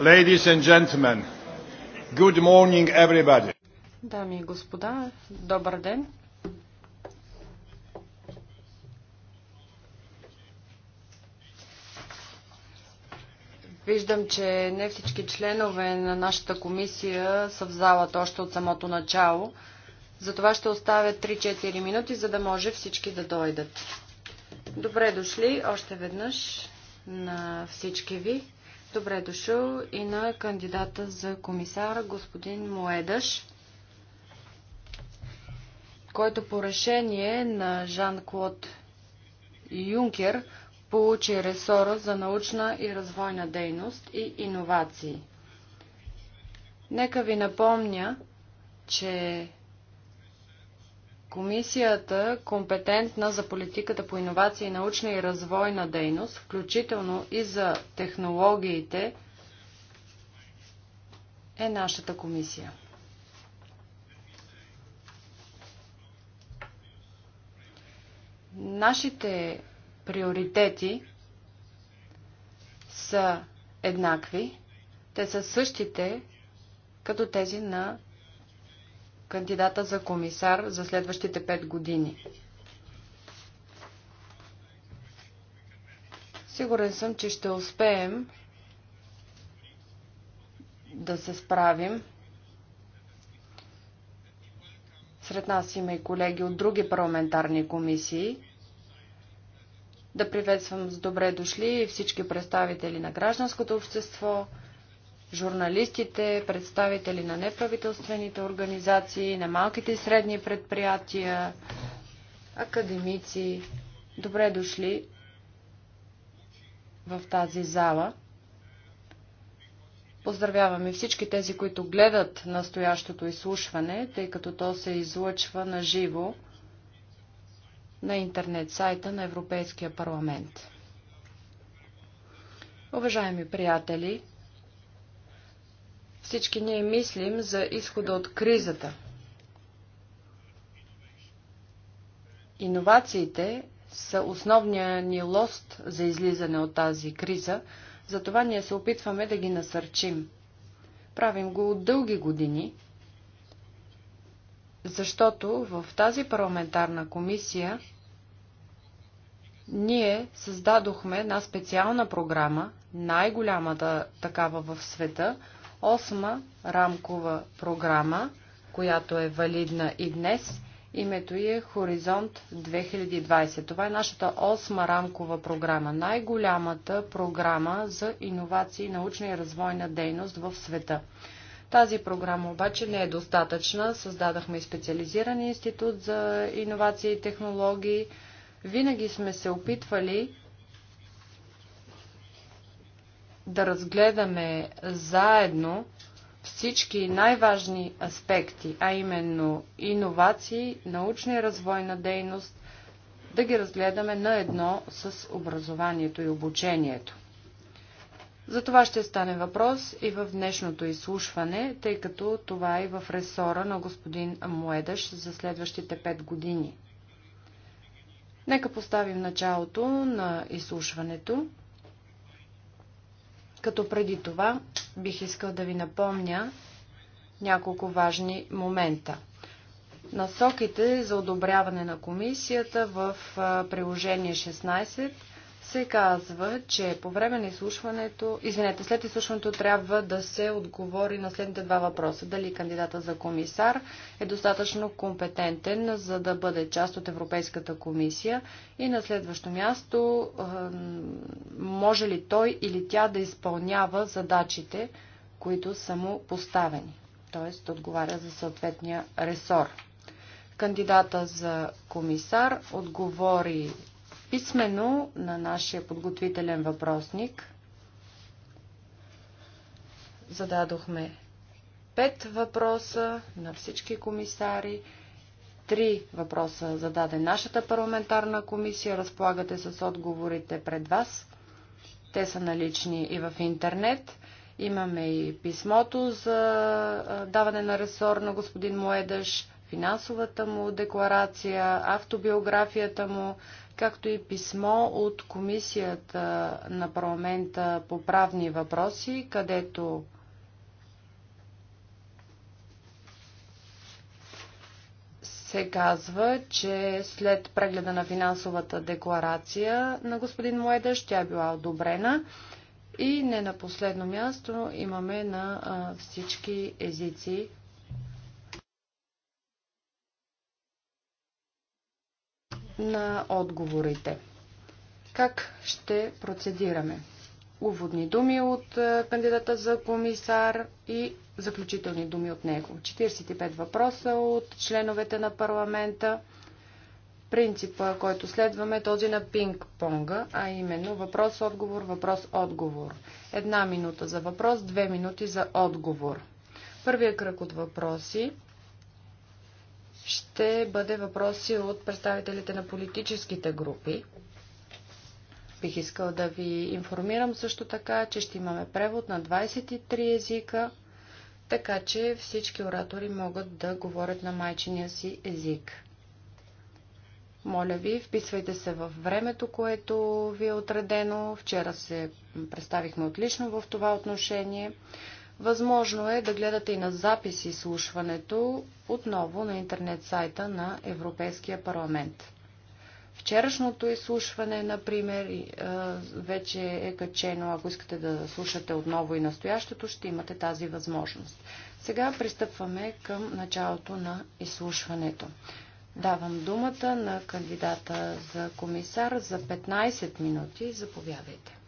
Ladies and gentlemen, good morning everybody. Дами и господа, добър ден. Виждам, че не всички членове на нашата комисия са в залата още от самото начало. Затова ще оставя 3-4 минути, за да може всички да дойдат. Добре дошли още веднъж на всички ви. Добре е дошъл и на кандидата за комисар господин Моедаш, който по решение на Жан-Клод Юнкер получи ресора за научна и развойна дейност и иновации. Нека ви напомня, че Комисията, компетентна за политиката по иновации, научна и развойна дейност, включително и за технологиите, е нашата комисия. Нашите приоритети са еднакви. Те са същите като тези на кандидата за комисар за следващите 5 години. Сигурен съм, че ще успеем да се справим. Сред нас има и колеги от други парламентарни комисии. Да приветствам с добре дошли всички представители на гражданското общество, журналистите, представители на неправителствените организации, на малките и средни предприятия, академици. Добре дошли в тази зала. Поздравяваме всички тези, които гледат настоящото изслушване, тъй като то се излъчва на живо на интернет сайта на Европейския парламент. Уважаеми приятели, всички ние мислим за изхода от кризата. Иновациите са основния ни лост за излизане от тази криза, затова ние се опитваме да ги насърчим. Правим го от дълги години, защото в тази парламентарна комисия ние създадохме една специална програма, най-голямата такава в света – осма рамкова програма, която е валидна и днес. Името е Хоризонт 2020. Това е нашата осма рамкова програма, най-голямата програма за иновации, научна и развойна дейност в света. Тази програма обаче не е достатъчна. Създадахме и специализиран институт за иновации и технологии. Винаги сме се опитвали да разгледаме заедно всички най-важни аспекти, а именно иновации, научни и развойна дейност, да ги разгледаме на едно с образованието и обучението. За това ще стане въпрос и в днешното изслушване, тъй като това е в ресора на господин Моедаш за следващите пет години. Нека поставим началото на изслушването. Като преди това бих искал да ви напомня няколко важни момента. Насоките за одобряване на комисията в приложение 16 се казва, че по време на изслушването, извинете, след изслушването трябва да се отговори на следните два въпроса. Дали кандидата за комисар е достатъчно компетентен, за да бъде част от Европейската комисия и на следващо място може ли той или тя да изпълнява задачите, които са му поставени, т.е. отговаря за съответния ресор. Кандидата за комисар отговори Писмено на нашия подготвителен въпросник зададохме пет въпроса на всички комисари. Три въпроса зададе нашата парламентарна комисия. Разполагате с отговорите пред вас. Те са налични и в интернет. Имаме и писмото за даване на ресор на господин Моедаш, финансовата му декларация, автобиографията му, както и писмо от Комисията на парламента по правни въпроси, където се казва, че след прегледа на финансовата декларация на господин Моедъш, тя е била одобрена. И не на последно място имаме на всички езици на отговорите. Как ще процедираме? Уводни думи от е, кандидата за комисар и заключителни думи от него. 45 въпроса от членовете на парламента. Принципа, който следваме, е този на пинг-понга, а именно въпрос-отговор, въпрос-отговор. Една минута за въпрос, две минути за отговор. Първия кръг от въпроси ще бъде въпроси от представителите на политическите групи. Бих искал да ви информирам също така, че ще имаме превод на 23 езика, така че всички оратори могат да говорят на майчиния си език. Моля ви, вписвайте се в времето, което ви е отредено. Вчера се представихме отлично в това отношение. Възможно е да гледате и на запис изслушването отново на интернет сайта на Европейския парламент. Вчерашното изслушване, например, вече е качено. Ако искате да слушате отново и настоящето, ще имате тази възможност. Сега пристъпваме към началото на изслушването. Давам думата на кандидата за комисар за 15 минути. Заповядайте.